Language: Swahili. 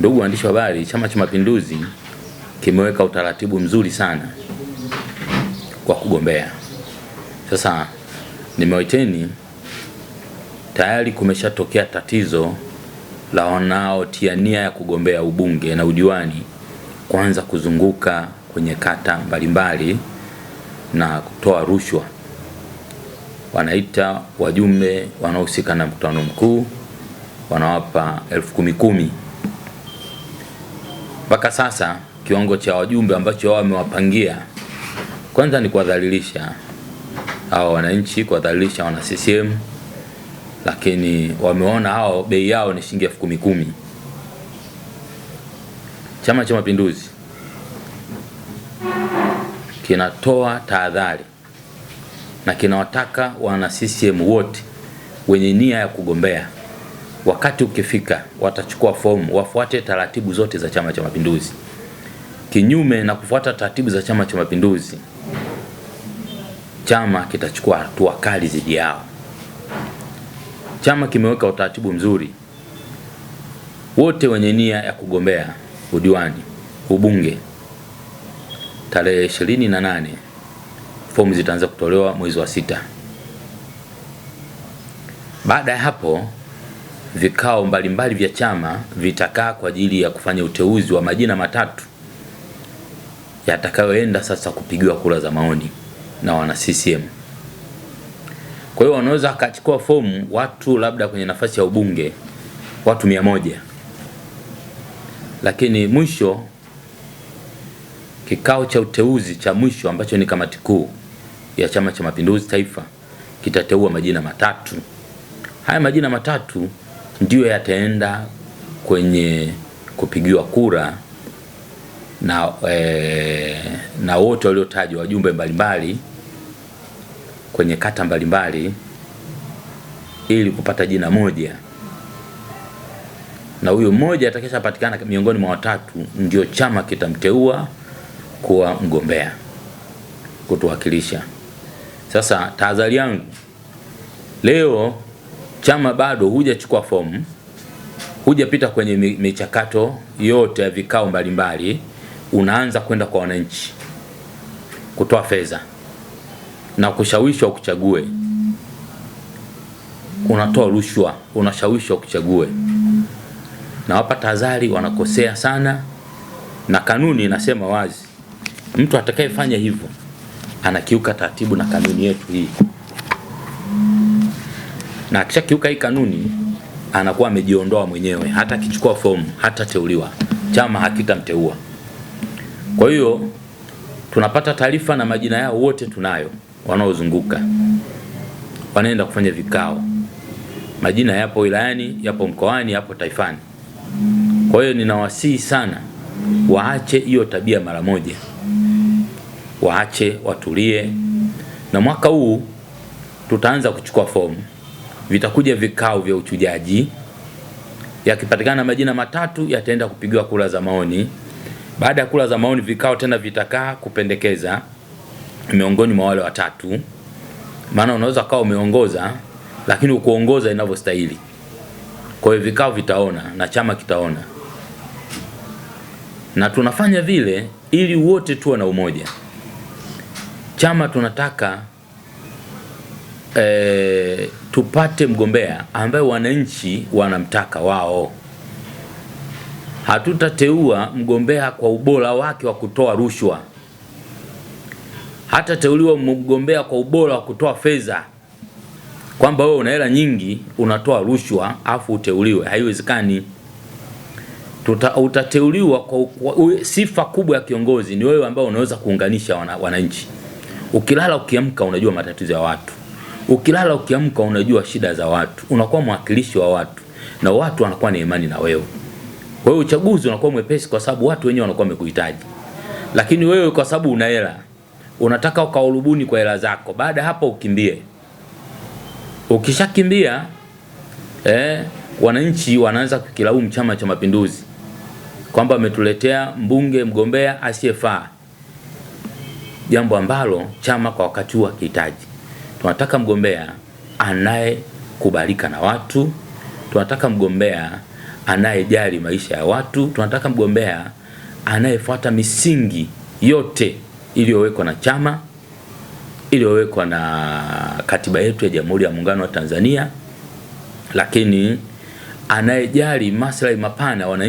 Ndugu waandishi wa habari, Chama cha Mapinduzi kimeweka utaratibu mzuri sana kwa kugombea. Sasa nimewaiteni, tayari kumeshatokea tatizo la wanaotia nia ya kugombea ubunge na udiwani kwanza kuzunguka kwenye kata mbalimbali na kutoa rushwa. Wanaita wajumbe wanaohusika na mkutano mkuu, wanawapa elfu kumi kumi mpaka sasa kiwango cha wajumbe ambacho wao wamewapangia, kwanza ni kuwadhalilisha hao wananchi, kuwadhalilisha wana CCM, lakini wameona hao bei yao ni shilingi elfu kumi kumi. Chama cha Mapinduzi kinatoa tahadhari na kinawataka wana CCM wote wenye nia ya kugombea wakati ukifika watachukua fomu, wafuate taratibu zote za Chama cha Mapinduzi. Kinyume na kufuata taratibu za Chama cha Mapinduzi, chama kitachukua hatua kali dhidi yao. Chama kimeweka utaratibu mzuri, wote wenye nia ya kugombea udiwani, ubunge, tarehe ishirini na nane fomu zitaanza kutolewa mwezi wa sita. Baada ya hapo vikao mbalimbali vya chama vitakaa kwa ajili ya kufanya uteuzi wa majina matatu yatakayoenda sasa kupigiwa kura za maoni na wana CCM. Kwa hiyo wanaweza akachukua fomu watu labda kwenye nafasi ya ubunge watu mia moja, lakini mwisho kikao cha uteuzi cha mwisho ambacho ni kamati kuu ya Chama cha Mapinduzi Taifa kitateua majina matatu. Haya majina matatu ndiyo yataenda kwenye kupigiwa kura na e, na wote waliotajwa wajumbe mbalimbali kwenye kata mbalimbali ili kupata jina moja, na huyo mmoja atakishapatikana miongoni mwa watatu, ndio chama kitamteua kuwa mgombea kutuwakilisha. Sasa tahadhari yangu leo chama bado hujachukua fomu, hujapita kwenye michakato yote ya vikao mbalimbali, unaanza kwenda kwa wananchi kutoa fedha na kushawishwa kuchague, unatoa rushwa, unashawishwa kuchague. Na wapa tahadhari, wanakosea sana, na kanuni inasema wazi, mtu atakayefanya hivyo anakiuka taratibu na kanuni yetu hii na akishakiuka hii kanuni anakuwa amejiondoa mwenyewe, hata akichukua fomu hata teuliwa, chama hakitamteua. Kwa hiyo tunapata taarifa na majina yao wote tunayo, wanaozunguka wanaenda kufanya vikao, majina yapo wilayani, yapo mkoani, yapo taifani. Kwa hiyo ninawasihi sana waache hiyo tabia mara moja, waache watulie, na mwaka huu tutaanza kuchukua fomu vitakuja vikao vya uchujaji. Yakipatikana majina matatu yataenda kupigiwa kura za maoni. Baada ya kura za maoni, vikao tena vitakaa kupendekeza miongoni mwa wale watatu, maana unaweza kawa umeongoza lakini ukuongoza inavyostahili. Kwa hiyo vikao vitaona na chama kitaona, na tunafanya vile ili wote tuwe na umoja. Chama tunataka eh, tupate mgombea ambaye wananchi wanamtaka wao. Hatutateua mgombea kwa ubora wake wa kutoa rushwa, hatateuliwa mgombea kwa ubora wa kutoa fedha, kwamba wewe una hela nyingi unatoa rushwa afu uteuliwe. Haiwezekani. Tuta, utateuliwa kwa, kwa sifa kubwa ya kiongozi ni wewe ambao unaweza kuunganisha wananchi. Ukilala ukiamka, unajua matatizo ya watu. Ukilala ukiamka, unajua shida za watu, unakuwa mwakilishi wa watu na watu wanakuwa na imani na wewe. Kwa hiyo uchaguzi unakuwa mwepesi, kwa sababu watu wenyewe wanakuwa wamekuhitaji. Lakini wewe kwa sababu una hela, unataka ukaulubuni kwa hela zako, baada hapo ukimbie. Ukishakimbia eh, wananchi wanaanza kukilaumu Chama cha Mapinduzi kwamba ametuletea mbunge mgombea asiyefaa, jambo ambalo chama kwa wakati huo hakihitaji tunataka mgombea anayekubalika na watu, tunataka mgombea anayejali maisha ya watu, tunataka mgombea anayefuata misingi yote iliyowekwa na chama, iliyowekwa na katiba yetu ya Jamhuri ya Muungano wa Tanzania, lakini anayejali maslahi mapana wana